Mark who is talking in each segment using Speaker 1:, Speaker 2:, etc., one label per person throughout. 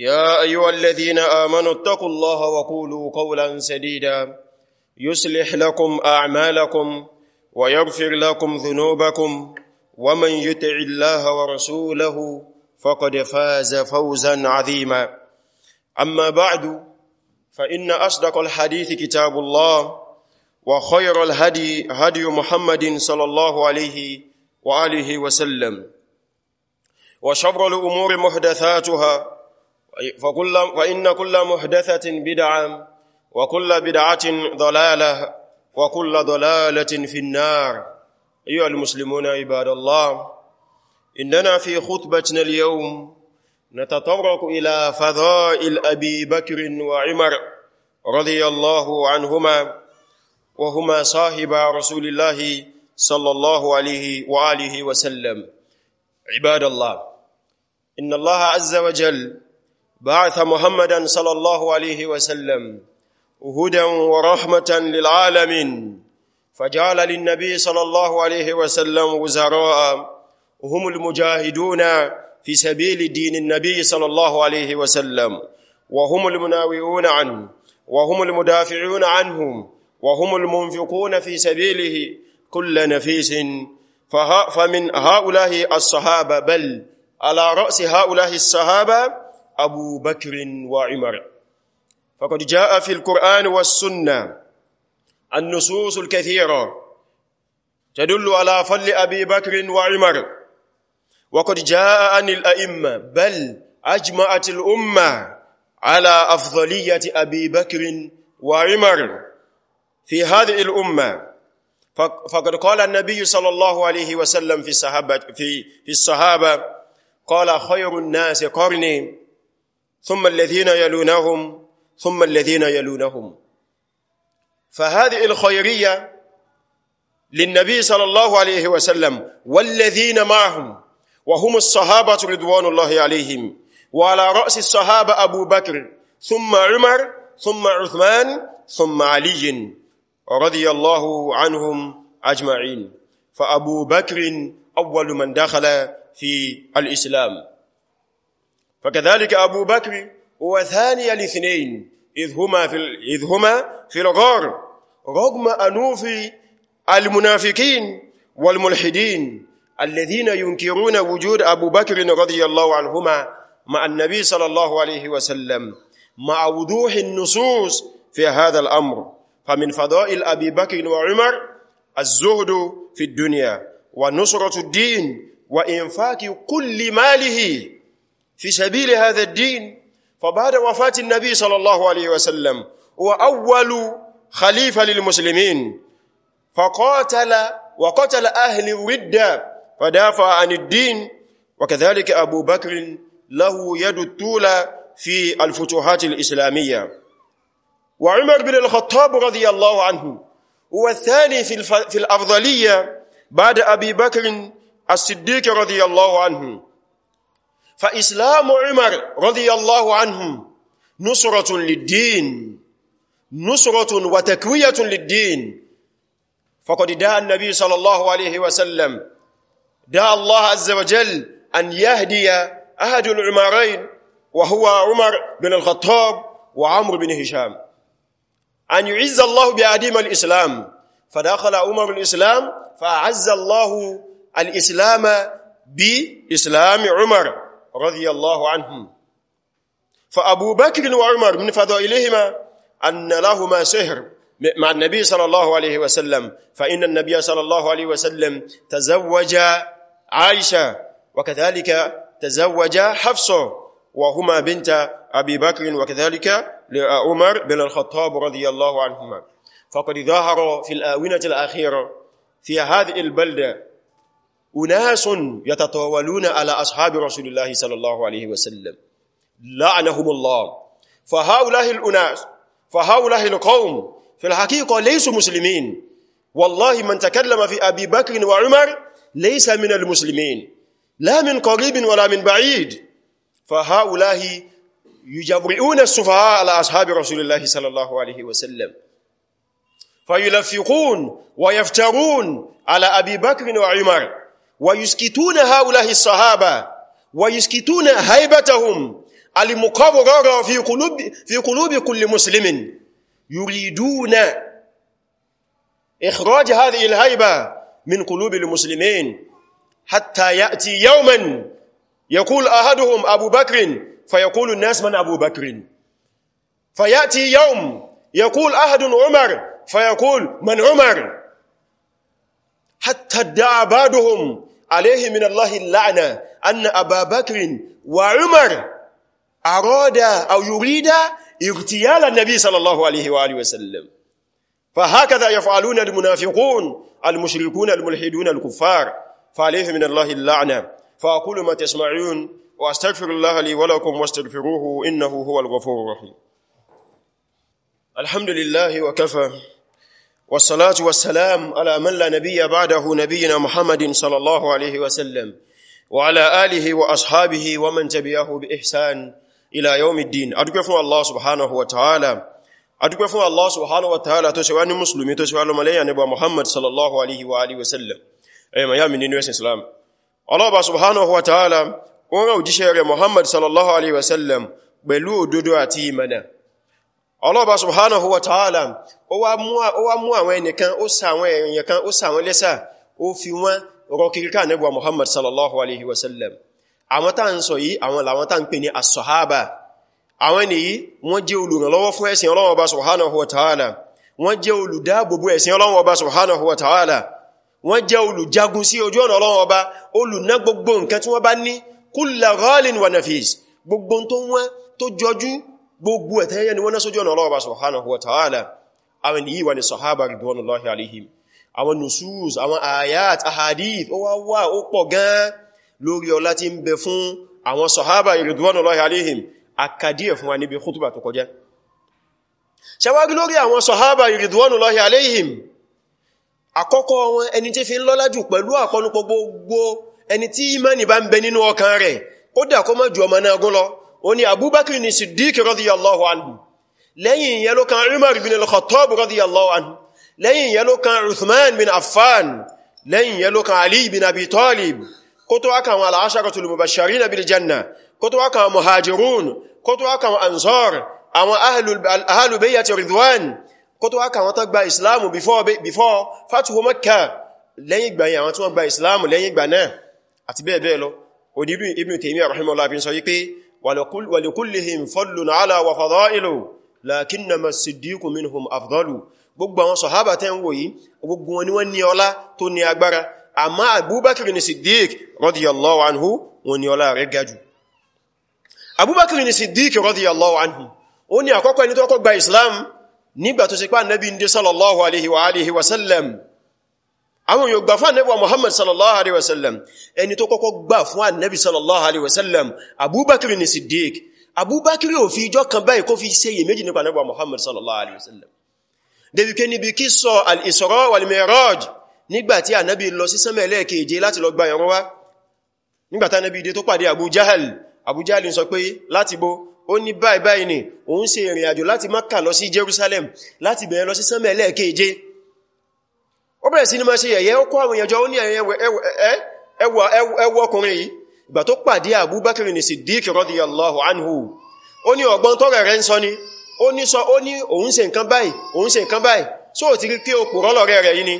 Speaker 1: يا ايها الذين امنوا اتقوا الله وقولوا قولا سديدا يصلح لكم اعمالكم ويغفر لكم ذنوبكم ومن يطع الله ورسوله فقد فاز فوزا عظيما اما بعد فان اصدق الحديث كتاب الله وخير الهدي هدي محمد صلى الله عليه واله وسلم وشر الامور محدثاتها فكل فإن كل محدثة بدعة وكل بدعة ضلالة وكل ضلالة في النار أيها المسلمون عباد الله إننا في خطبتنا اليوم نتطرق إلى فضائل أبي بكر وعمر رضي الله عنهما وهما صاحب رسول الله صلى الله عليه وآله وسلم عباد الله إن الله عز وجل بعث محمدا صلى الله عليه وسلم هدى ورحمة للعالمين فجعل للنبي صلى الله عليه وسلم وزراء هم المجاهدون في سبيل دين النبي صلى الله عليه وسلم وهم المناوئون عنه وهم المدافعون عنهم وهم المنفقون في سبيله كل نفيس فمن هؤلاء الصحابة بل على رأس هؤلاء الصحابة أبو بكر وعمر فقد جاء في القرآن والسنة النصوص الكثيرة تدل على فل أبي بكر وعمر وقد جاء عن الأئمة بل أجمعت الأمة على أفضلية أبي بكر وعمر في هذه الأمة فقد قال النبي صلى الله عليه وسلم في الصحابة, في, في الصحابة قال خير الناس قرني ثم الذين يلونهم ثم الذين يلونهم فهذه الخيرية للنبي صلى الله عليه وسلم والذين معهم وهم الصحابة رضوان الله عليهم وعلى رأس الصحابة أبو بكر ثم عمر ثم عثمان ثم علي رضي الله عنهم أجمعين فأبو بكر أول من دخل في الإسلام فكذلك أبو بكر هو ثاني الاثنين إذ هما في, إذ هما في الغار رغم أنوف المنافقين والملحدين الذين ينكرون وجود أبو بكر رضي الله عنهما مع النبي صلى الله عليه وسلم مع وضوح النصوص في هذا الأمر فمن فضائل أبي بكر وعمر الزهد في الدنيا ونصرة الدين وإنفاق كل ماله في سبيل هذا الدين فبعد وفاة النبي صلى الله عليه وسلم هو أول خليفة للمسلمين فقاتل وقتل أهل الردة فدافع عن الدين وكذلك أبو بكر له يد الطولة في الفتوحات الإسلامية وعمر بن الخطاب رضي الله عنه هو الثاني في, الف... في الأفضلية بعد أبي بكر الصديق رضي الله عنه فإسلام عمر رضي الله عنه نصرة للدين نصرة وتكوية للدين فقد دعا النبي صلى الله عليه وسلم دعا الله عز وجل أن يهدي أحد العمرين وهو عمر بن الخطاب وعمر بن هشام أن يعز الله بأديم الإسلام فدخل عمر الإسلام فأعز الله الإسلام بإسلام عمر رضي الله عنهم فأبو بكر وعمر من فضائلهما أن لهما سهر مع النبي صلى الله عليه وسلم فإن النبي صلى الله عليه وسلم تزوج عائشة وكذلك تزوج حفصة وهما بنت أبي بكر وكذلك لعمر بن الخطاب رضي الله عنهما فقد ظهر في الآونة الأخيرة في هذه البلدة أناس يتطاولون على أصحاب رسول الله صلى الله عليه وسلم لعنهم الله فهؤلاء الأناس فهؤلاء القوم في الحقيقة ليسوا مسلمين والله من تكلم في أبي بكر وعمر ليس من المسلمين لا من قريب ولا من بعيد فهؤلاء يجبرئون السفهاء على أصحاب رسول الله صلى الله عليه وسلم فيلفقون ويفترون على أبي بكر وعمر ويسكتون هؤلاء الصحابة ويسكتون هيبتهم المقررة في قلوب, في قلوب كل مسلم يريدون إخراج هذه الهيبة من قلوب المسلمين حتى يأتي يوما يقول أحدهم أبو بكر فيقول الناس من أبو بكر فيأتي يوم يقول أحد عمر فيقول من عمر حتى ادعى بعضهم عليه من الله اللعنة أن أبا بكر وعمر أراد أو يريد اغتيال النبي صلى الله عليه وآله وسلم فهكذا يفعلون المنافقون المشركون الملحدون الكفار فعليه من الله اللعنة فأقول ما تسمعون وأستغفر الله لي ولكم واستغفروه إنه هو الغفور الرحيم الحمد لله وكفى والصلاة والسلام على من لا نبي بعده نبينا محمد صلى الله عليه وسلم وعلى آله وأصحابه ومن تبعه بإحسان إلى يوم الدين أدوك فún الله سبحانه وتعالى أدوك فún الله سبحانه وتعالى tó ṣe wá ní mùsùlùmí tó ṣe wá lọ́mọ lẹ́yìn Ànábì Muhammad صلى الله عليه وآله وسلم أيما يا من نيوس الإسلام الله سبحانه وتعالى ó rán òjíṣẹ́ rẹ̀ Muhammad صلى الله عليه وسلم pẹ̀lú òdodo àti ìmọ̀nà ọlọ́ọ̀bá subhanahu wa ta'ala ó wá mú àwọn ẹnìkan ó ṣà àwọn èèyàn kan ó ṣà àwọn lẹ́ṣà ó fi wọ́n rọ kíríkà nẹ́bùwa muhammad sallallahu alaihi wasallam àwọn tá ń sọ yìí àwọn làwọn tá ń pè ní as-sahaba àwọn nìyí wọ́n jẹ́ olùrànlọ́wọ́ fún ẹ̀sìn ọlọ́ọ̀bá subhanahu wa ta'ala wọ́n jẹ́ olùdáàbòbò ẹ̀sìn ọlọ́ọ̀bá subhanahu wa ta'ala wọ́n jẹ́ olùjagun sí gbogbo ẹ̀tẹ́yẹ ni wọ́n náà sójú ọ̀nà Ọlọ́run subhanahu wa ta'ala àwọn yìí wà ní sahaba ridwanullahi alaihim àwọn nusus àwọn ayat ahadith ó wá wà ó pọ̀ gan lórí ọlá tí ń bẹ fún àwọn sahaba ridwanullahi alaihim akadíẹ̀ fún wa níbi khutba tó kọjá ṣẹwárí lórí àwọn sahaba ridwanullahi alaihim àkọ́kọ́ wọn ẹni tí fi ń lọ́lájù pẹ̀lú kó ó ní abubakar ní siddiq radiyallahu anhu lẹ́yìn ìyẹn ló kan umar bin al-khattab radiyallahu anhu lẹ́yìn ìyẹn ló kan uthman bin affan lẹ́yìn ìyẹn ló kan ali bin abi talib kó tó wá kan àwọn al-asharatul mubashirina bil janna kó tó wá kan àwọn muhajirun kó tó wá kan before fatuhu makkah lẹ́yìn ìgbà yẹn àwọn tí wọ́n gba islamu lẹ́yìn ìgbà náà àti bẹ́ẹ̀ bẹ́ẹ̀ lọ òní ibn sọ yí pé ولكلهم فضل على وفضائل لكنما الصديق منهم أفضل gbogbo àwọn sọ̀hábà tẹ́ ń wò yìí gbogbo wọn ni wọ́n ní ọlá tó ní agbára àmá Abubakar ni Siddiq radiyallahu anhu wọn ni ọlá rẹ̀ gajù Abubakar ni Siddiq radiyallahu anhu ó ní àkọ́kọ́ ẹni tó gba Islam nígbà tó sì pá Nabi sallallahu alaihi wa alihi wa sallam àwọn èèyàn gbà fún ànẹ́bà Muhammad sallallahu alaihi wasallam ẹni tó kọ́kọ́ gbà fún ànẹ́bì sallallahu alaihi wasallam Abubakar ni Siddiq Abubakar ò fi ijọ́ kan báyìí kó fi ṣe iye méjì nípa ànẹ́bà Muhammad sallallahu alaihi wasallam david ké níbi kí sọ al-Isra wal-Mi'raj nígbàtí ànẹ́bì lọ sí sánmà ẹlẹ́ẹ̀keje láti lọ gba ìrun wá nígbàtí ànẹ́bì dé tó pàdé Abu Jahal Abu Jahal sọ pé láti bo ó ní báyìí báyìí ni òun ṣe ìrìn àjò láti Makkah lọ sí Jerusalem láti bẹ̀rẹ̀ lọ sí sánmà ẹlẹ́ẹ̀keje bẹ̀rẹ̀ sí ní máa ṣe yẹ̀yẹ́ ó kó àwọn èèyàn jọ ó ní ẹwọ ọkùnrin yìí ìgbà tó pàdé Abubakar ní Siddiq radiyallahu anhu ó ní ọgbọ́n tó rẹ̀ rẹ̀ ń sọ ni ó ní sọ ó ní òun ṣe nǹkan báyìí òun ṣe nǹkan báyìí só ti rí pé òpò rọ́lọ̀rẹ́ rẹ̀ yìí ni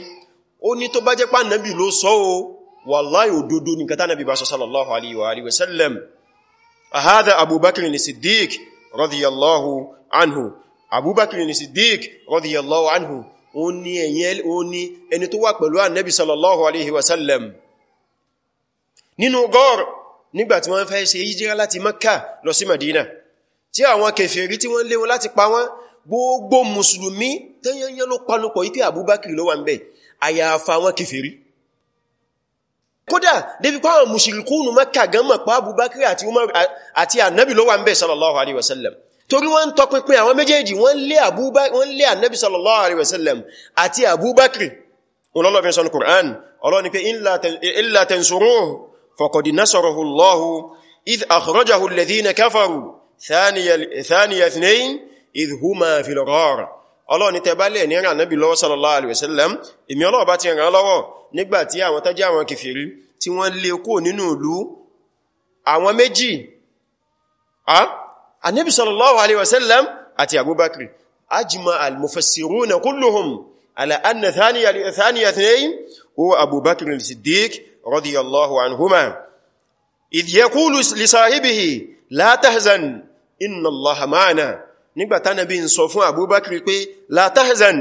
Speaker 1: ó ní tó bá jẹ́ pànàbì ló sọ o wallahi òdodo nìkan tánàbì bá sọ sallallahu alaihi wa alihi wa sallam ahada Abubakar ní Siddiq radiyallahu anhu Abubakar ní Siddiq radiyallahu anhu òun ni ẹ̀yìn òun ni ẹni tó wà pẹ̀lú ànẹ́bì sallallahu alaihi wasallam nínú gọ́ọ̀rọ̀ nígbàtí wọ́n fẹ́ ṣe yíjíra láti Makka lọ sí Madina tí àwọn kèfèrí tí wọ́n lé wọn láti pa wọ́n gbogbo mùsùlùmí tẹ́yẹnyẹ́ ló panupọ̀ ipé Abubakar ló wà ń bẹ̀ àyàfà àwọn kèfèrí kódà débi pàwọn mùsùlùkúnù Makka gan mọ̀ pa Abubakar àti ànẹ́bì ló wà ń bẹ̀ sallallahu alaihi wasallam torí wọ́n tọpinpin àwọn méjèèjì wọ́n lé Abubakar wọ́n lé Ànábì sallallahu alaihi wasallam àti Abubakar olólọ́fin sọ Qur'an ọlọ́ni pé illa tansuruhu faqad nasarahu Allahu idh akhrajahu alladhina kafaru thaniya ithnayn idh huma fil ghar ọlọ́ni tẹ bá lè ní ràn Ànábì lọ́wọ́ sallallahu alaihi wasallam èmi Ọlọ́run bá ti ràn lọ́wọ́ nígbàtí àwọn tó jẹ́ àwọn kèfèrí tí wọ́n lé kó nínú ìlú àwọn méjì ah annabi sallallahu alaihi wasallam àti abubakar ajima al-mufassiruna kulluhum ala anna thaniya thaniya thnayn huwa abubakar as-siddiq radiyallahu anhuma idh yaqulu li sahibihi la tahzan inna allaha ma'ana nígbà ta nabi ń sọ fún abubakar pé la tahzan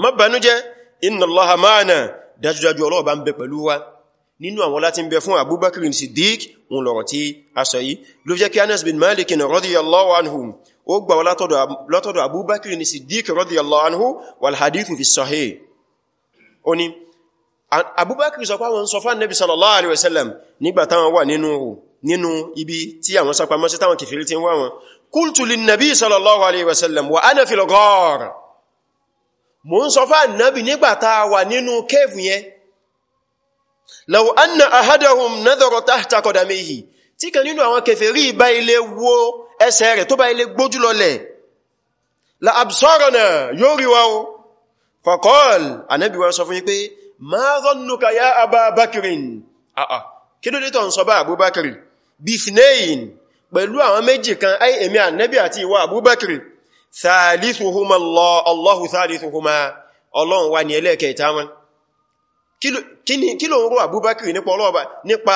Speaker 1: má banújẹ́ inna allaha ma'ana dájúdájú Ọlọ́run bá ń bẹ wa nínú àwọn láti ń bẹ fún Abubakar Siddiq wọn lọ̀rọ̀ tí a sọ yìí ló jẹ́ kí Anas bin Malik radiyallahu anhu ó gbà látọ̀dọ̀ Abubakar Siddiq radiyallahu anhu wal hadithu fi sahih ó ní Abubakar sọ pé àwọn sọ fún Nabi sallallahu alaihi wasallam nígbà táwọn wà nínú nínú ibi tí àwọn sapamọ́ sí táwọn kìfìrí tí ń wá wọn qultu lin Nabi sallallahu alaihi wasallam wa ana fil ghar law anna ahadahum nadhara tahta qadamihi tí kan nínú àwọn kèfèrí bá ilé wo ẹsẹ̀ rẹ̀ tó bá ilé gbójú lọlẹ̀ la absorana yóò rí wa o faqal Ànábì wa sọ fún yí pé ma dhannuka ya Aba Bakrin àà kí ló dé tó ń sọ bá Abubakar Ọlọ́run wa ni ẹlẹ́kẹ̀ẹ́ta wọn kí ló ń rò Abubakar nípa ọlọ́ọ̀bá nípa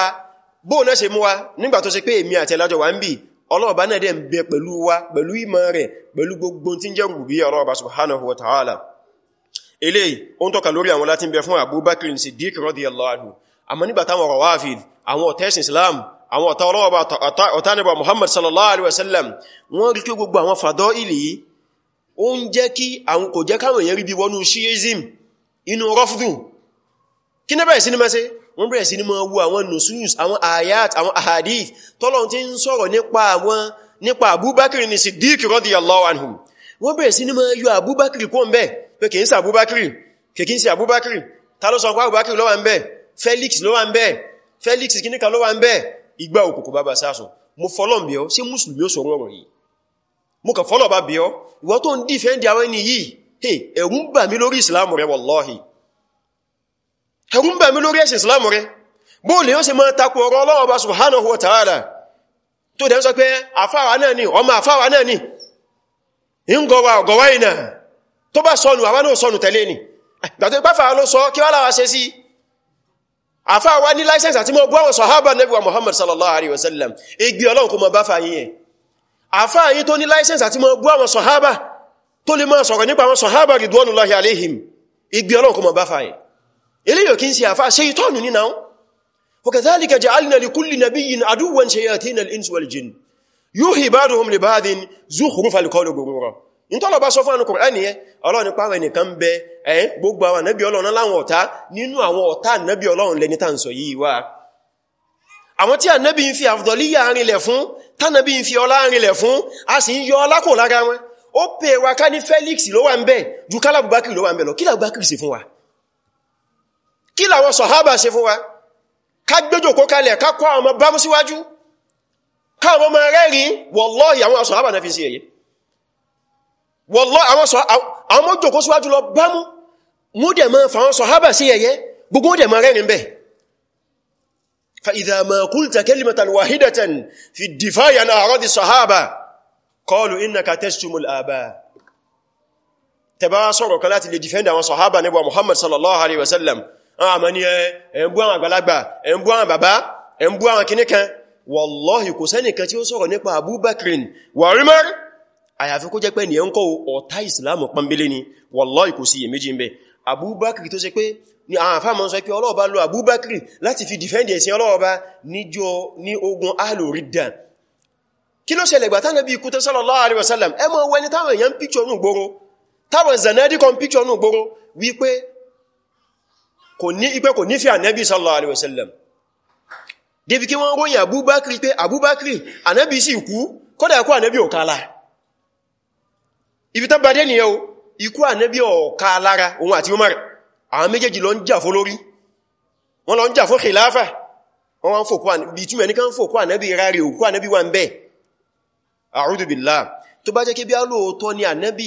Speaker 1: bóò náà ṣe mú wa nígbà tó se pé èmi àti ẹlájọ wà ń bì ọlọ́ọ̀bá náà dẹ̀ ń bẹ pẹ̀lú wa pẹ̀lú ìmọ̀ rẹ̀ pẹ̀lú gbogbo tí ń jẹ́ rùbí ọlọ́ọ̀bá subhanahu wa ta'ala eléyìí ó ń tọ́ka lórí àwọn láti ń bẹ fún Abubakar Siddiq radiyallahu anhu àmọ́ nígbà táwọn Rawafid àwọn ọ̀tẹ́sìn Muhammad sallallahu alaihi wasallam wọ́n rí kí gbogbo àwọn fàdọ́ ìlì ó ń jẹ́ kí àwọn kò jẹ́ káwọn èèyàn inú rọ́fdù kí ní bẹ̀rẹ̀ sí ní mẹ́sí wọ́n bẹ̀rẹ̀ sí ní máa wo àwọn nusus àwọn ayat àwọn ahadith tọ́lọ́run tí ń sọ̀rọ̀ nípa àwọn nípa abubakir ní siddiq radiyallahu anhu wọ́n bẹ̀rẹ̀ sí ní máa yọ abubakir kó ń bẹ̀ pé kìí sí abubakir kìí sí abubakir ta ló sọ pé abubakir ló wà ń bẹ̀ felix ló wà ń bẹ̀ felix kíníkà ló wà ń bẹ̀ igbá òkùnkùn bàbá sáàsọ mo fọlọ́n bí ọ sí mùsùlùmí ó sọ̀rọ̀ ọ̀rọ̀ yìí mo kàn fọlọ́ bá bí ọ ìwọ tó ń dìfẹ́ndì àwọn ẹni yìí ẹ̀rù ń bà mí lórí ẹ̀rù ń bà mí lórí ẹ̀sìn islam rẹ bóòlù yóò ṣe máa takò ọ̀rọ̀ Ọlọ́run Ọba subhanahu wa ta'ala tó dẹ̀ sọ pé àfáwà náà ni ọmọ àfáwà náà ni ń gọwà ọ̀gọ̀wà ìnà tó bá sọnù àwa náà sọnù tẹ̀lé ni dàtò eh, ìpáfà ló sọ kí wá láwa ṣe sí àfáwà ní láìsẹ̀nsì àti mọ́ bú àwọn sọ̀hábà Nábì wa Muhammad sallallahu alaihi wasallam igi Ọlọ́run kó mọ bá fàyín yẹn àfáà yí tó ní láìsẹ̀nsì àti mọ́ bú àwọn sọ̀hábà tó lè máa sọ̀rọ̀ nípa àwọn sọ̀hábà ridwanullahi alaihim igi Ọlọ́run kó mọ bá eléyò kí n sí àfá ṣe ìtọ́nù ní náà وكذلك جعلنا لكل نبي عدوا شياطين الإنس والجن يوحي بعضهم لبعض زخرف القول غرورا in tọ́lọ̀ bá sọ fún ànukùnrin ẹni ẹ ọlọ́run pàwọ̀ ẹnìkan bẹ ẹ gbogbo àwọn ànábì ọlọ́run láwọn ọ̀tá nínú àwọn ọ̀tá ànábì ọlọ́run lẹni tàn sọ yìí wá àwọn tí ànábì ń fi àfdọ̀líyà arìnlẹ̀ fún tánàbì ń fi ọlá arìnlẹ̀ fún a sì ń yọ ọlákò lára wọn ó pè kí làwọn sọ̀hábà ṣe fún wa ká gbéjòkó kalẹ̀ ká kọ́ àwọn ọmọ bá mú síwájú káwọn ọmọ rẹ́rin wallahi àwọn sọ̀hábà náà fi sí èyí wallahi àwọn ọmọ jòkó síwájú lọ bá mú mú dẹ̀ mọ́ fàwọn sọ̀hábà sí ẹ̀yẹ gbogbo dẹ̀ mọ́ rẹ́rin bẹ́ fa idha ma qulta kalimatan wahidatan fi sọ̀rọ̀ kan láti lè dìfẹ́ndà àwọn sọ̀hábà nígbà Muhammad sallallahu alaihi wasallam àwọn ah, ma ní ẹ̀ àwọn àgbàlagbà ẹ̀ àwọn bàbá ẹ̀ ń bú àwọn kìníkan wallahi kò sẹ́nìkan tí ó sọ̀rọ̀ nípa abubakrin wa àyàfi kó jẹ́ pé ní ẹnkọ́ ọ̀tá ìsìlámù pọ́nbélé ni wallahi kò sí iyèméjì ń bẹ tó pé àwọn fi dìfẹ́ndì ẹ̀sìn ọlọ́ọ̀bá níjọ alorida kí ló ṣẹlẹ̀ gbà tánàbí ikú tó táwọn èèyàn kò ní ipé kò nífẹ́ ànábì sallallahu alaihi wasallam débi kí wọ́n ròyìn abúbákiri pé abúbákiri ànábì sì kú kódà ikú ànábì ò ká lára ibi tábà dé nìyẹn o ikú ànábì ò ká lára òun àti Umar àwọn méjèèjì lọ ń jà fún lórí wọ́n lọ ń jà fún khilafa billah tó bá jẹ́ kí bí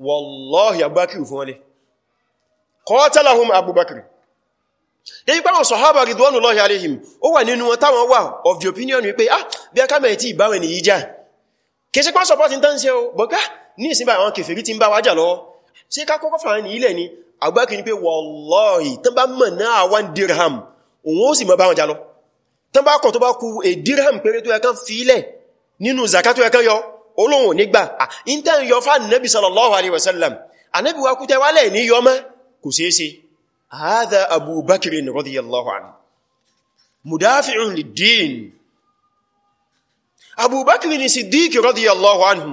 Speaker 1: wallahi abubakir fún ọlẹ́ qatalahum abubakir lẹ́yìn pàwọn sọ̀hábà ridwanullahi alayhim ó wà nínú wọn táwọn wà of the opinion wípé ah bí akámẹ̀ tí ìbáwọn ènìyàn jà kìí ṣe pán support in tánṣẹ́ o bọ̀ká ah, ní ìsinmi àwọn kèfèrí ti ń bá wá jà lọ́wọ́ ṣe ká kọ́kọ́ fàá ní ilẹ̀ ni Abubakar ní pé wallahi tán bá mọ̀ dirham òun ó sì mọ̀ bá wọn ku a dirham péré tó yẹ kán fi ilẹ̀ nínú zakat olóhun nígbà ìntẹ́ ń yọ fáànì nẹ́bí sallallahu alaihi wasallam anẹ́bí wa kútẹ wálẹ̀ ní yọmọ́ kò sí sí hadha abubakirin radiyallahu anhu mudafi'un lid-din abubakirin siddiq radiyallahu anhu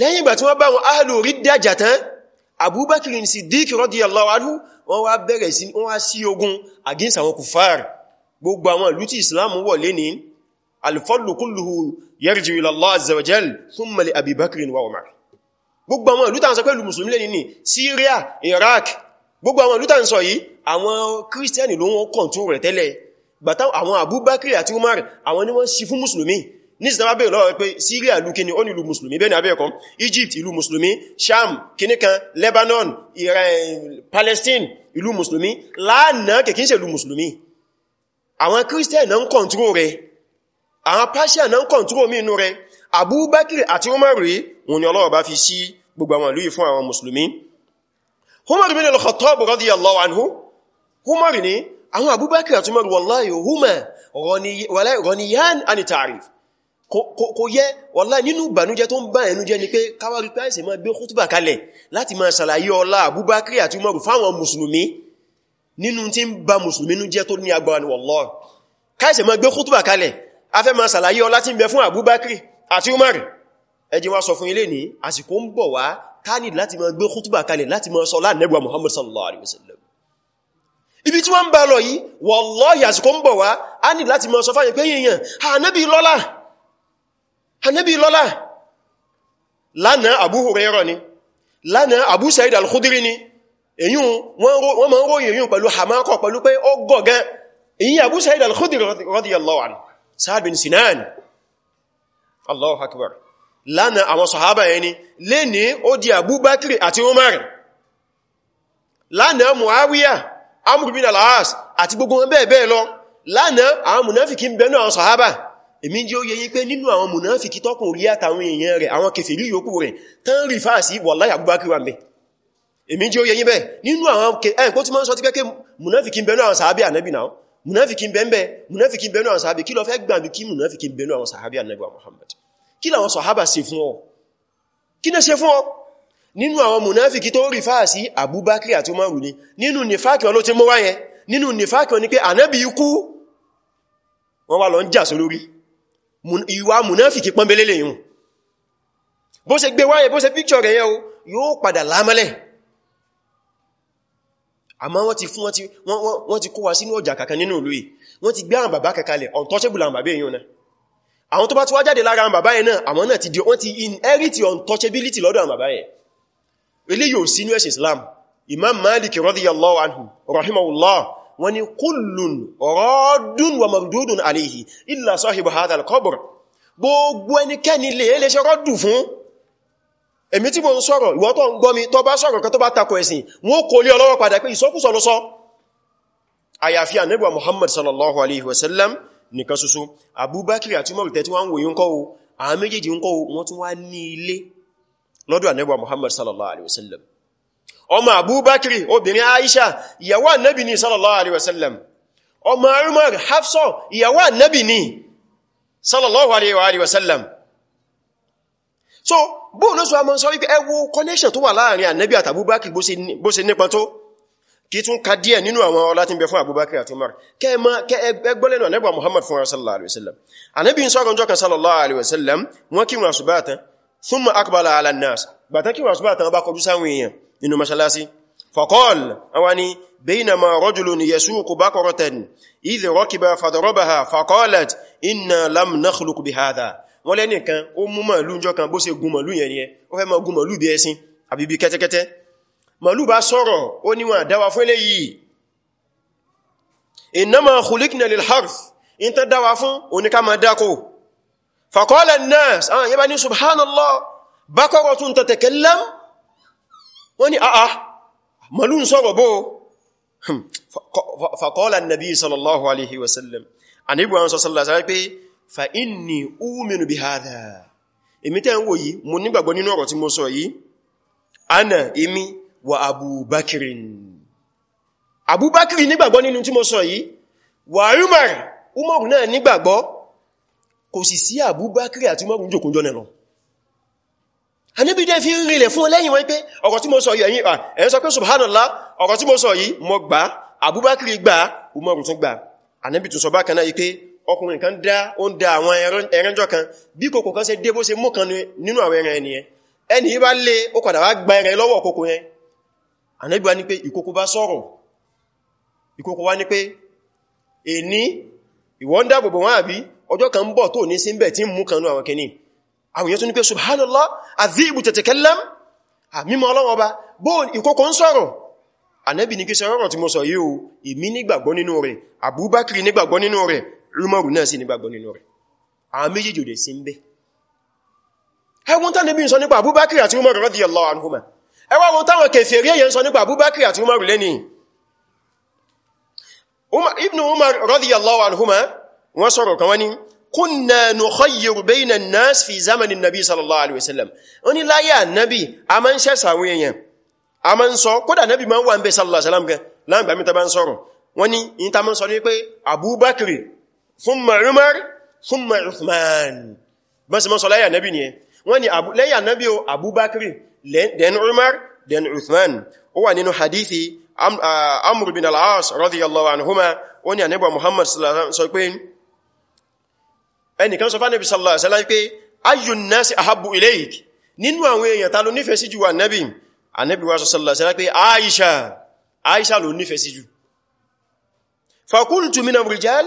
Speaker 1: lẹ́yìn ìgbà tí wọ́n bá wọn ahlu ridda jàtán abubakirin siddiq radiyallahu anhu wọ́n wá bẹ̀rẹ̀ sí wọ́n wá sí ogun against kùfàr gbogbo àwọn ìlú tí wọ̀ lénìí الفضل كله يرجع الى الله عز وجل ثم لابي بكر وعمر gbogbo àwọn ìlú tàn sọ pẹ̀lú mùsùlùmí lè nìní Syria Iraq gbogbo àwọn ìlú tàn sọ yìí àwọn kírísítíẹ̀nì ló wọ́n kọ̀ntún rẹ̀ tẹ́lẹ̀ gbàtà àwọn Abubakar àti Umar àwọn ni wọ́n sí fún mùsùlùmí ní ìsinmi abẹ́ lọ́wọ́ pé Syria ìlú kíní ó ní ìlú mùsùlùmí bẹ́ẹ̀ abẹ́ kan Egypt ìlú mùsùlùmí Sham kíní kan Lebanon Palestine ìlú mùsùlùmí lánàá kèkí ń ṣe ìlú mùsùlùmí àwọn kírísítíẹ̀nì náà ń kọ̀ntún rẹ̀ àwọn Persia náà ń kọ̀ntúrò mí inú rẹ̀ Abubakar àti Umar rí wọn ni Ọlọ́run bá fi sí gbogbo àwọn ìlú yìí fún àwọn Mùsùlùmí Umar bin al-Khattab radiyallahu anhu Umar ni àwọn Abubakar àti Umar wallahi huma rọniyan ani ta'rif kò yẹ wallahi nínú ìbànújẹ́ tó ń bá ẹnu jẹ́ ni pé káwàrí pé àìsẹ̀ máa gbé kútùbà kalẹ̀ láti máa ṣàlàyé ọlá Abubakar àti Umar fáwọn Mùsùlùmí nínú tí afẹ́ ma sàlàyé ọlá tí ń bẹ fún àbúbákìrì àti umar ẹjí wá sọ fún ilé ní àsìkò ń bọ̀ wá tánì láti ma gbé kútùbà kalẹ̀ láti ma sọ lánẹ́gbà muhammad sallallahu alaihi wasallam ibi tí wọ́n ń bá lọ yìí wallahi àsìkò ń bọ̀ wá a ní láti ma sọ fáyẹ pé èèyàn ànábì lọ́lá ànábì lọ́lá lánàá abu hurairah ni lánàá abu sa'id al wọ́n ma Sahal bin Sinan Allahu akbar lánà àwọn sọ̀hábà ẹni lè ní ó di àbúbákìrì àti Umar lánà Muawiya Amr bin al-As àti gbogbo bẹ́ẹ̀ bẹ́ẹ̀ lọ lánà àwọn munafiki ń bẹ náà èmi jí ó yẹ yí pé nínú àwọn munafiki tọ́kùn rí àtàwọn èèyàn rẹ̀ àwọn kèfèrí yòókù rẹ̀ tán rí fáàsì wallahi àbúbákìrì wà mẹ́ èmi jí ó yẹ yí bẹ́ẹ̀ nínú àwọn ẹ̀kọ́ tí mọ́ sọ ti kẹ́kẹ́ munafiki ń bẹ náà sàábì munafikin bẹ́ẹ̀bẹ́ munafikin bẹ́ẹ̀nú àwọn sàhábì kí ló fẹ́ gbàmí kí munafikin bẹ́ẹ̀nú àwọn sàhábì annabuwa muhammad kí làwọn sàhábà ṣe fún ọ kí náà ṣe fún ọ nínú àwọn munafiki tó rí fáà sí abubakar àti umaru ni nínú nifaki wọn ló ti mọ́ ni pé ànábì ikú wọn wá lọ ń jà só munafiki pọ́nbélélé yìí bó ṣe gbé wáyẹ bó ṣe píkṣọ rẹ̀ àmọ́ wọ́n ti fún wọ́n ti kó wa sínú ọjà kankan nínú ìlú yìí wọ́n ti gbé àwọn bàbá kankalẹ̀ untouchable àwọn bàbá èèyàn náà àwọn tó bá tó wá jáde lára àwọn bàbá yẹn náà àwọn náà ti di wọ́n ti inherit Islam Imam Malik radiyallahu anhu rahimahullah wọ́n ní kullun wa mardudun alayhi illa sahibu al-qabr gbogbo ẹnikẹ́ni lè èmi tí mo ń sọ̀rọ̀ ìwọ tó ń gbọ́ mi tó bá sọ̀rọ̀ kan tó bá takò ẹ̀sìn wọ́n kò lé ọlọ́wọ́ padà pé ìsọkúsọ ló sọ àyàfi ànẹ́bà Muhammad sallallahu alaihi wasallam nìkan ṣoṣo Abubakar àti Umar tẹ́tí wọ́n wòye ń kọ́ o àwọn méjèèjì ń kọ́ o wọ́n tún wá ní ilé Muhammad sallallahu alaihi wasallam ọmọ Abubakar obìnrin Aisha ìyàwó ànẹ́bì ni sallallahu alaihi wasallam ọmọ Umar Hafsa ìyàwó ànẹ́bì ni sallallahu alaihi wasallam so bóò ló sọ ọmọ sọ wípé ẹ wo connection tó wà láàrin ànẹ́bí àti Abubakar bó ṣe nípa tó kí tún ka díẹ̀ nínú àwọn ọlá tí ń bẹ fún Abubakar àti Umar kẹ́ẹ̀mọ́ kẹ́ẹ̀gbẹ́gbọ́lẹ́nu ànẹ́bà Muhammad fún sallallahu alaihi wasallam ànẹ́bí ń sọ́rọ̀ jọkan sallallahu alaihi wasallam wọ́n kí wọn àṣùbá tán thumma aqbala ala an-nas bàtán kí wọn àṣùbá tán bá kọjú sáwọn èèyàn nínú masalasi faqal awani wọ́n lẹ́nìkan ó mú màálù jọ kan bó ṣe gun màálù yẹn ni ẹ ó fẹ́ mọ́ gun màálù bí ẹṣin àbí bí kẹ́tẹ́kẹ́tẹ́ màálù bá sọ̀rọ̀ ó níwọ̀n àdáwà fún eléyìí innama khuliqna lil harth in ta dáwà fún oníká máa dákò faqala an-nas àwọn yẹba ní subhanallah baqaratun tatakallam wọ́n ni àà màálù ń sọ̀rọ̀ fa inni uminu bi hadha èmi tẹ́ ń wò yìí mo nígbàgbọ́ nínú ọ̀rọ̀ tí mo sọ yìí ana imi wa abubakirin abubakiri nígbàgbọ́ nínú tí mo sọ yìí wa umar umar ni nígbàgbọ́ kò sì sí abubakiri ati umar jòkó jọ nẹ̀lọ Ànábì dẹ́ fi ń rinlẹ̀ fún ọlẹ́yìn wọn pé ọ̀rọ̀ tí mo sọ yìí ẹ̀yìn sọ pé subhanallah ọ̀rọ̀ tí mo sọ yìí mo gbà abubakiri gbà umar tún gbà Ànábì tún sọ bákan náà yìí pé ọkùnrin kan dá ó ń da àwọn ẹranjọ́ kan bí kòkò kan ṣe dé bó ṣe mú kan nínú àwọn ẹran ẹniyẹn ẹni bá lé ó padà wá gba ẹran lọ́wọ́ kòkò yẹn Ànábì wá ní pé ìkòkò bá sọ̀rọ̀ ìkòkò wá ní pé èní ìwọ ń dáàbòbò wọn àbí ọjọ́ kan ń bọ̀ tó ní síbẹ̀ tí ń mú kanú àwọn kìíní àwọn èèyàn tún ní pé subhanallah adhibu tatakallam àmímọ̀ ọlọ́wọ́ bá bó kí sọ tí mo sọ yìí o nígbàgbọ́ nínú rẹ̀ Abubakar nígbàgbọ́ nínú rẹ̀ Umaru náà sì nígbàgbọ́ nínú rẹ̀ àwọn méjèèjì òdè sí ń bẹ́ ẹwọ́n tán níbi sọ nípa Abubakar àti Umaru radiyallahu anhuma ẹwà wọn táwọn kèfèrí èyẹ sọ nípa Abubakar àti Umaru lẹ́ni Ibn Umar radiyallahu anhuma wọ́n sọ̀rọ̀ kan wọ́n ni kunna nukhayyiru bayna an-nas fi zamani nabi sallallahu alaihi wasallam wọ́n ni láyé nabi a máa ń ṣẹ́sà àwọn èèyàn a máa ń sọ ìta máa sọ ní pé Abubakar thumma Umar thumma Uthman bọ́n sí mọ́ sọ lẹ́yà nẹ́bì nìyẹn wọ́n ni lẹ́yà nẹ́bì o Abubakri then Umar then Uthman ó wà nínú hadithi ah, Amr bin al-As radiyallahu anhuma ó ní ànẹ́bà Muhammad sọ pé ẹnìkan sọ fánẹ́bì sallallahu alaihi wasallam pé ayyun nasi ahabbu ilayk nínú àwọn èèyàn ta ló nífẹ̀ẹ́ sí jù wà nẹ́bì anẹ́bì wa sọ sallallahu alaihi wasallam pé Aisha Aisha ló nífẹ̀ẹ́ rijal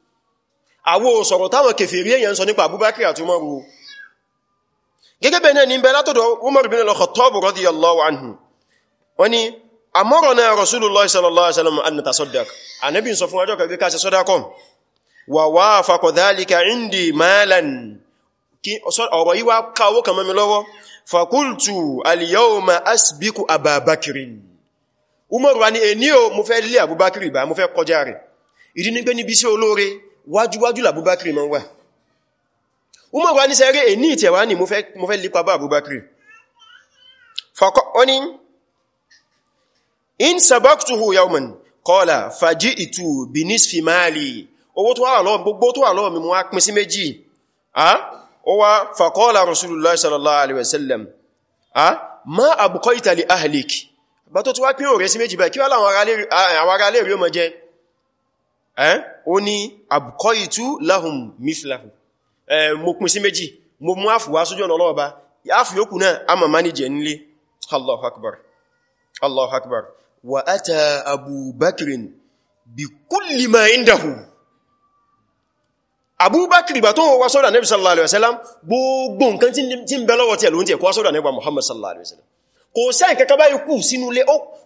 Speaker 1: àwọ sọ̀rọ̀ táwọn kèfèrí èyàn sọ nípa Abubakar àti Umar gẹ́gẹ́ bẹ̀ẹ́ náà ní bẹ látọ̀dọ̀ Umar bin al-Khattab radiyallahu anhu wọ́n ni amọ́rọ̀nà Rasulullah sallallahu alaihi wasallam an natasaddaq Ànábì sọ fún ọjọ́ kẹgbẹ́ káṣẹ sọ́dákọ́ wa wafaqa dhalika indi ni ẹni níbi sí olóore wájúwájú l'Abubakar ma ń wà Umar wá ní sẹ́rẹ́ èní ìtẹ̀wà ní mo fẹ́ lípa bá Abubakar ó ní in sabaqtuhu yawman qala faji'tu bi nisfi mali owó tó wà lọ́wọ́ gbogbo tó wà lọ́wọ́ mi mo wá pín sí méjì ó wá faqala Rasulullah sallallahu alaihi wasallam ma abqaita li ahlik bá tó tó wá Eh? ó ní àbùkọ́ ìtú láhùn mìfìláhù mo pín sí méjì mo mú àfùwá sójú ọ̀nà ọlọ́ọ̀bá yáàfù yókù náà a mọ̀ mánìjẹ̀ nílé Allahu akbar Allahu akbar wa ata Abu Bakrin bi kulli ma indahu Abu bá tó wá sọ́dọ̀ Nabi sallallahu alaihi wasallam gbogbo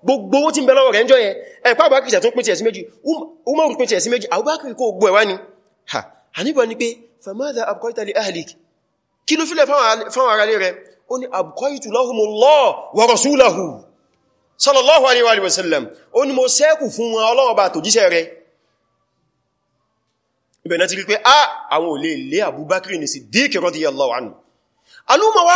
Speaker 1: gbogbo owó tí ń bẹ lọ́wọ́ rẹ̀ ń jọ yẹn ẹ̀pá àbákìrì tẹ̀ tún pín tiẹ̀ sí méjì um, umaru pín tiẹ̀ sí méjì àbúbákìrì kó gbọ́ ẹ̀wá ni ha hannibal ni pé famadha abqaita li ahlik kí ló fílẹ̀ fáwọn ará lé rẹ̀ ó ní abqaitu lahumullah wa rasulahu sallallahu alaihi wa sallam ó ní mo sẹ́kù fún wọn ọlọ́wọ́ bá tó jíṣẹ́ rẹ̀ ibẹ̀ náà ti rí pé á ah, àwọn ò lè lé abubakir ní Siddiq radiyallahu anhu alúmọ̀ wá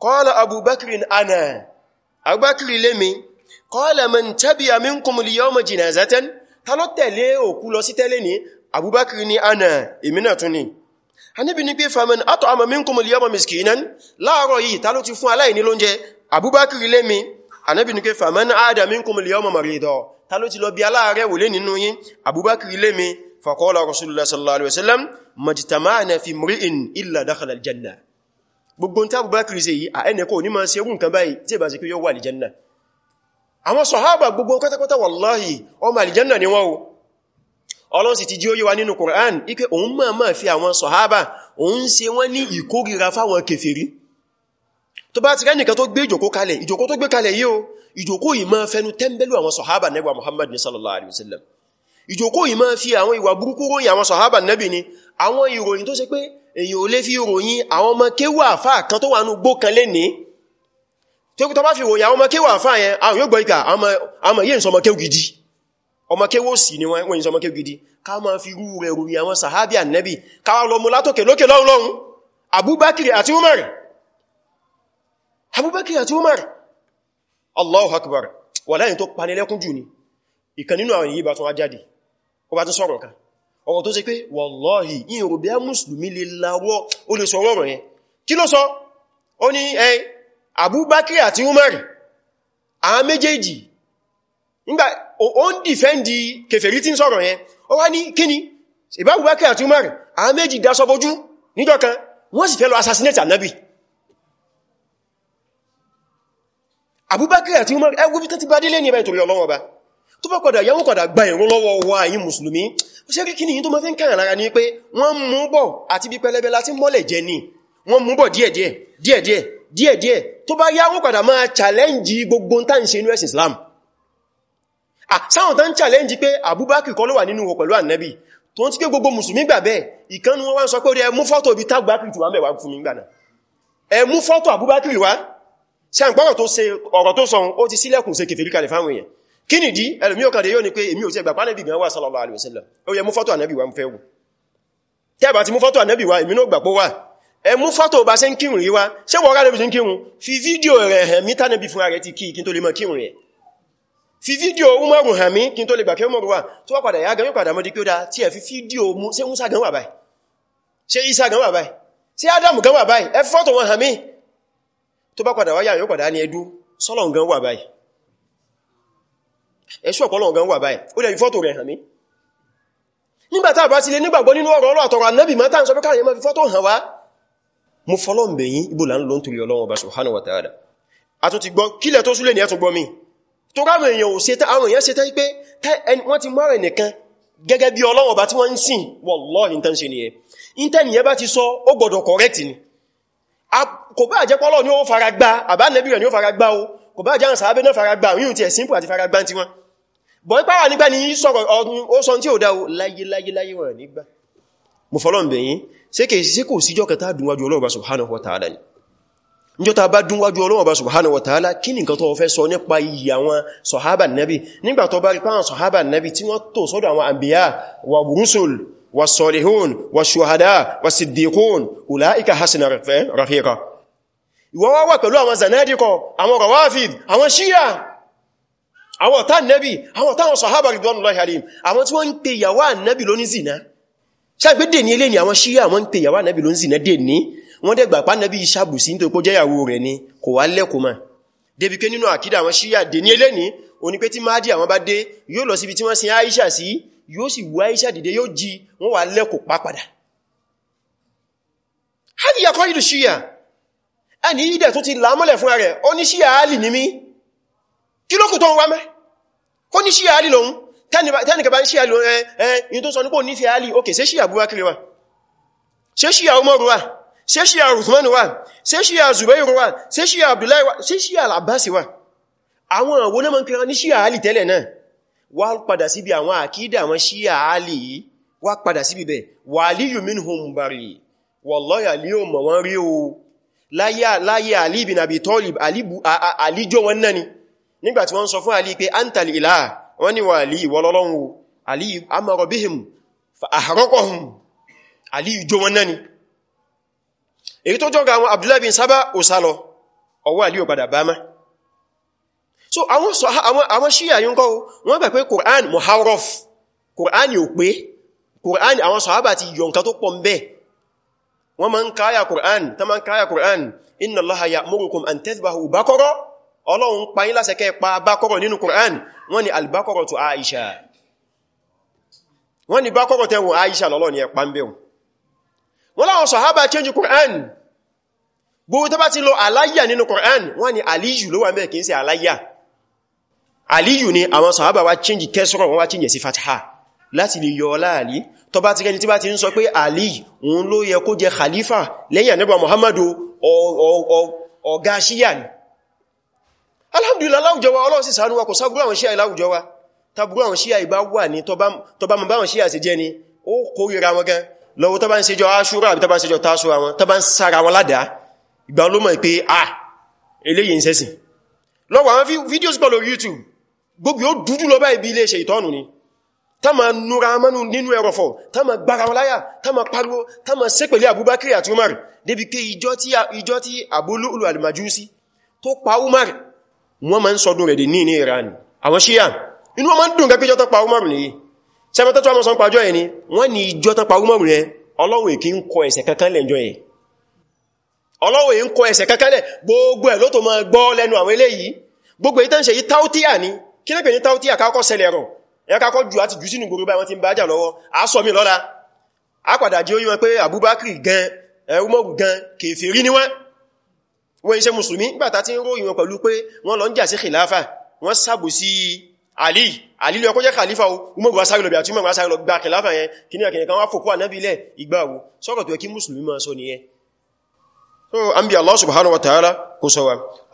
Speaker 1: qala abubakrin ana abubakri lémi qala man tabi'a minkum al-yawma jinazatan ta ló tẹ̀lé òkú lọ sí tẹ́lẹ̀ ní abubakri ní ana èmi náà tún ni Ànábì ní pé faman at'ama minkum al-yawma miskinan láàárọ̀ yìí ta ló ti fún aláìní lóúnjẹ abubakri lémi Ànábì ní pé faman aada minkum al-yawma marida ta ló ti lọ bí aláàrẹ̀ wò lé nínú yín abubakri lémi faqala rasulullah sallallahu alaihi wasallam majtama'na gbogbo tí Abubakar ṣe yìí ẹnìkọ́ ní máa ṣe nǹkan báyìí tí ìbá ṣe kí yóò wà ní jẹ́nà àwọn sọ̀hábà gbogbo kọ́tàkọ́tà wàláhì ọmọ àlìjẹ́nà ni wọ́n Ọlọ́run sì ti jí ó nínú Qur'an ipé òun máa máa fi àwọn sọ̀hábà òun ṣe wọ́n ní ìkórira fáwọn kèfèrí tó bá ti rẹ́ nìkan tó gbé ìjòkó kalẹ̀ ìjòkó tó gbé kalẹ̀ yìí o ìjòkó yìí máa fẹnu tẹ́ḿbẹ́lú àwọn sọ̀hábà nẹ́gbà Muhammad ní sallallahu alaihi wasallam ìjòkó yìí máa fi àwọn ìwà burúkú ròyìn àwọn sọ̀hábà nẹ́bì ni àwọn ìròyìn tó ṣe pé èyàn ò lè fi ròyìn àwọn ọmọ kéwà àfáà kan tó wà ní gbó kan lè ní tí ó bá fi ròyìn àwọn ọmọ kéwà àfáà yẹn àwọn yóò gbọ́ ìkà àwọn yìí sọmọ kéwù gidi ọmọ kéwò sí ni wọ́n yìí sọmọ kéwù gidi ká máa fi rú rẹ̀ ròyìn àwọn sàhábì ànẹ́bì káwà lọ mú látòkè lókè lọ́run lọ́run Abubakar àti Umar Abubakar àti Umar Allahu Akbar wà láyìn tó panilẹ́kún jù ni ìkan nínú àwọn yìí bá tún wá ọ̀rọ̀ tó ṣe pé wallahi yìí rò bí á mùsùlùmí lè láwọ́ ó lè sọ rọrùn yẹn kí ló sọ ó ní ẹ Abubakar àti Umar àwọn méjèèjì nígbà ó ń dìfẹ́ndì kèfèrí tí ń sọ̀rọ̀ yẹn ó wá ní kíni ìbá Abubakar àti Umar àwọn méjì dáṣọ bojú níjọ́ kan wọ́n sì fẹ́ lọ assassinate Ànábì Abubakar àti Umar ẹgbẹ́ bí tẹ́tí bá délé ní tó bá padà yàwó padà gba ìrún lọ́wọ́ wa yìí mùsùlùmí ó ṣe rí kí nìyí tó máa fi ń kàrìn lára ní pé wọ́n mú bọ̀ àti bí pẹlẹbẹ láti mọ́lẹ̀ jẹ ni wọ́n mú bọ̀ díẹ̀díẹ̀ díẹ̀díẹ̀ díẹ̀díẹ̀ tó bá yá wọ́n padà máa challenge gbogbo tá ń ṣe inú ẹ̀sìn Islam sáwọn tán challenge pé Abubakar kọ́ ló wà nínú wọ pẹ̀lú ànábì tó ń tí pé gbogbo mùsùlùmí gbà bẹ́ẹ̀ ìkanu wọn wá ń sọ pé ẹ mú fọ́tò ibi tágbàkì tí wà mẹ́wàá fún mi gbà náà ẹ mú fọ́tò Abubakar wá ṣe àǹpọ̀rọ̀ tó ṣe ọ̀rọ̀ tó sọ ó ti sílẹ̀kùn ṣe kèfèrí kalẹ̀ èèyàn kíni dí ẹlùmí ọkàdé yóò ní pé èmi ò tí ẹgbà pánẹ́bì gan wà sallallahu alaihi wasallam ó yẹ mú fọ́tò ànẹ́bì wa ń fẹ́ wù tẹ́bà ti mú fọ́tò ànẹ́bì wa èmi náà gbàpó wà ẹ mú fọ́tò bá ṣe ń kírun rí wá ṣe wọ́n ránẹ́bì ń kírun fi fídíò rẹ̀ hàn mí tánẹ́bì fún ààrẹ ti kí kí n tó lè mọ kírun rẹ̀ fi fídíò umaru hàn mí kí n tó lè gbà kí umaru wà tó wà padà isa gan wà adam gan wà báyìí ẹ fọ́tò wọn hàn mí tó bá padà wáyà yóò padà ní ẹdú ẹ̀ṣọ́ ọ̀pọ̀lọ̀ gan wà báyìí ó lè fi fọ́tò rẹ̀ hàn mí nígbàtà àbá ti lè nígbàgbọ́ nínú ọ̀rọ̀ ọ̀rọ̀ àtọ̀rọ̀ ànábì máa tàn sọ pé káàyẹ máa fi fọ́tò hàn wá mo fọ́lọ́ ń bẹ̀yìn ibò là ń lọ nítorí Ọlọ́run ọba subhanahu wa ta'ala àtún ti gbọ́ kílẹ̀ tó súlẹ̀ ní ẹ̀tún gbọ́ mi tó ráwọn èèyàn ò ṣe tá àwọn èèyàn ṣe tá pé wọ́n ti mọ́rẹ̀ nìkan gẹ́gẹ́ bí Ọlọ́run ọba tí wọ́n ń sìn wallahi ń tán ṣe nìyẹn ìntẹ́ nìyẹn bá ti sọ ó gbọ́dọ̀ o kò bá jáwọn sàábé náà faragbà yíò tí ẹ̀ símpù àti faragbà tí wọ́n bọ̀ ipá wà nígbà ní sọ̀rọ̀ ọdún ó sọ tí ó dáwó láyé láyé láyé wọn nígbà mo fọ́lọ́n bẹ̀yìn ṣé kè sí kò síjọ́ kẹta dúnwájú Ọlọ́run subhanahu wa ta'ala ni níjọ́ ta bá dúnwájú Ọlọ́run subhanahu wa ta'ala kí ni nǹkan tó fẹ́ sọ nípa iyì àwọn sọ̀hábà nẹ́bì nígbà hasina rafiqa ìwọ wá wà pẹ̀lú àwọn zanadikọ àwọn rawafid àwọn shia àwọn ọ̀tá nẹ́bì àwọn ọ̀tá àwọn sọ̀hábà ridwanullahi alayhim àwọn tí wọ́n ń pe ìyàwó nẹ́bì ló ní zina ṣàgbé dè ní ilé ni àwọn shia wọ́n ń pe ìyàwó nẹ́bì ló ní zina dè ní wọ́n dẹ̀ gbà pa nẹ́bì ìṣàbùsí nítorí pé jẹ́yàwó rẹ̀ ni kò wá lẹ́kọ̀ọ́ mà débi pé nínú àkídà àwọn shia dè ní ilé ni oní pé tí máàdì àwọn bá dé yóò lọ síbi tí wọ́n sin aisha sí yóò sì wú aisha dìde yóò jí wọ́n wà lẹ́kọ̀ọ́ pápadà hadi yakọ́ ìlú ẹni ìdẹ̀ tó ti lámọ́lẹ̀ fún ààrẹ ó ní ṣíyà alì ní mí kí ló kù tó ń wá mẹ́ kó ní ṣíyà alì lòun tẹ́nìkàbá ń ṣíyà lò ẹ̀yìn tó sọ nípò ní ṣíyà alì òkè ṣe ṣíyà Abubakar wà ṣe ṣíyà Umaru wà ṣe ṣíyà Uthman wà ṣe ṣíyà Zubairu wà wà ṣe ṣíyà mọ̀ wọ́n rí o láyé Ali bin Abi Talib àlíjọ́ wọn náà ni nígbàtí wọ́n sọ fún Ali pé antal ilah wọ́n ni wà Ali ìwọlọ́lọ́run wo Ali amara bihim fa ahraqahum Ali ìjọ́ wọn náà ni èyí tó jọ́gá àwọn Abdullahi bin Saba ò sálọ ọwọ́ Ali ò padà bá má so àwọn ṣíyà yíò ń kọ́ wọ́n gbà pé Qur'an muharraf Qur'an yóò pé Qur'an àwọn sọ̀hábà ti yọ nǹkan wọ́n ma ń káyà Kùrán tó ma ń káyà Kùrán inna Allaha ya'murukum an tadhbahu baqara ọlọ́run payín lásẹ̀kẹ́ pa bákọ́rọ nínú Kùrán wọ́n ni albakọ́rọ tó Aisha wọ́n ni bákọ́rọ tẹ́wọ̀n Aisha lọ́lọ́ ni ẹ̀pá ń bẹ̀rún wọ́n láwọn sọ̀hábà change Kùrán gbogbo tó bá ti lo aláyà nínú Kùrán wọ́n ni aliyu ló wà tó bá ti rẹni tí bá ti ń sọ pé Ali òun ló yẹ kó jẹ khalifa lẹ́yìn ànábì Muhammadu ọ̀gá ṣíyà ni alhamdulillah láwùjọ wa ọlọ́sí ṣàánú wa kò sáburú àwọn ṣíyà láwùjọ wa taburú àwọn ṣíyà ìbá wà ní tó bá báwọn ṣíyà sí jẹ́ ni ó kórìíra wọn gan lọ́wọ́ tó bá ń ṣejọ aṣúra àbí tó bá ń ṣejọ taṣọ àwọn tó bá ń sára wọn ládàá ìgbà ló mọ̀ pé ah eléyìí ń YouTube gbogbo ó dúdú lọ bá ibi ni tama ma amanu mẹ́nu nínú ẹrọ̀fọ̀ tá ma gbára ọláyà tá ma pariwo tá ma sé pẹ̀lú Abubakar àti Umar débi pé Abululu pa Umar won ma ń sọdún rẹ̀ dì ni ni Iran awon Ṣíyà inu ma ń dùn gẹ́gẹ́jọ́ tó pa Umar nìyí sẹ́mọ́tọ́ tó wọ́n pàjọ́ ẹ̀ ni won ni ìjọ tó pa Umar rẹ̀ ọlọ́wọ̀ ki nko kọ ẹ̀sẹ̀ kankan lẹ́jọ kankan gbogbo ma gbogbo ni ẹ̀ka kọ́ jù àti jù sínú gbogbo báyìí wọ́n ti ń bájà lọ́wọ́ a sọ mi lọ́la a padà jí oyin wọn pé Abubakar gan ẹ̀rùmọ́rù gan kèfèrí ni wọ́n wọ́n iṣẹ́ mùsùlùmí gbàtà tí ń ròyìn wọn pẹ̀lú pé wọ́n lọ ń jà sí khilafa wọ́n sàbò sí Ali Ali ló kọ́ khalifa o Umar wa sáré lọ bí àti Umar wa sáré lọ gba khilafa yẹn kí ní àkẹyẹ kan wá fòkó ànábì ilẹ̀ ìgbà wo so an Allah subhanahu wa ta'ala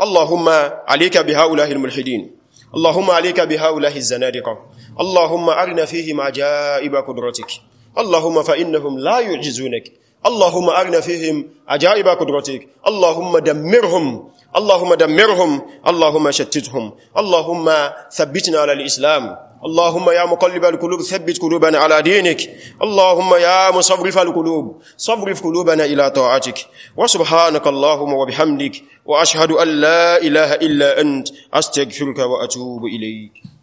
Speaker 1: Allahumma alayka bi haula al اللهم عليك بهؤلاء الزنادقة اللهم أرنا فيهم عجائب قدرتك اللهم فإنهم لا يعجزونك اللهم أرنا فيهم عجائب قدرتك اللهم دمرهم اللهم دمرهم اللهم شتتهم اللهم ثبتنا على الإسلام اللهم يا مقلب القلوب ثبت قلوبنا على دينك اللهم يا مصرف القلوب صرف قلوبنا إلى طاعتك وسبحانك اللهم وبحمدك وأشهد أن لا إله إلا أنت أستغفرك وأتوب إليك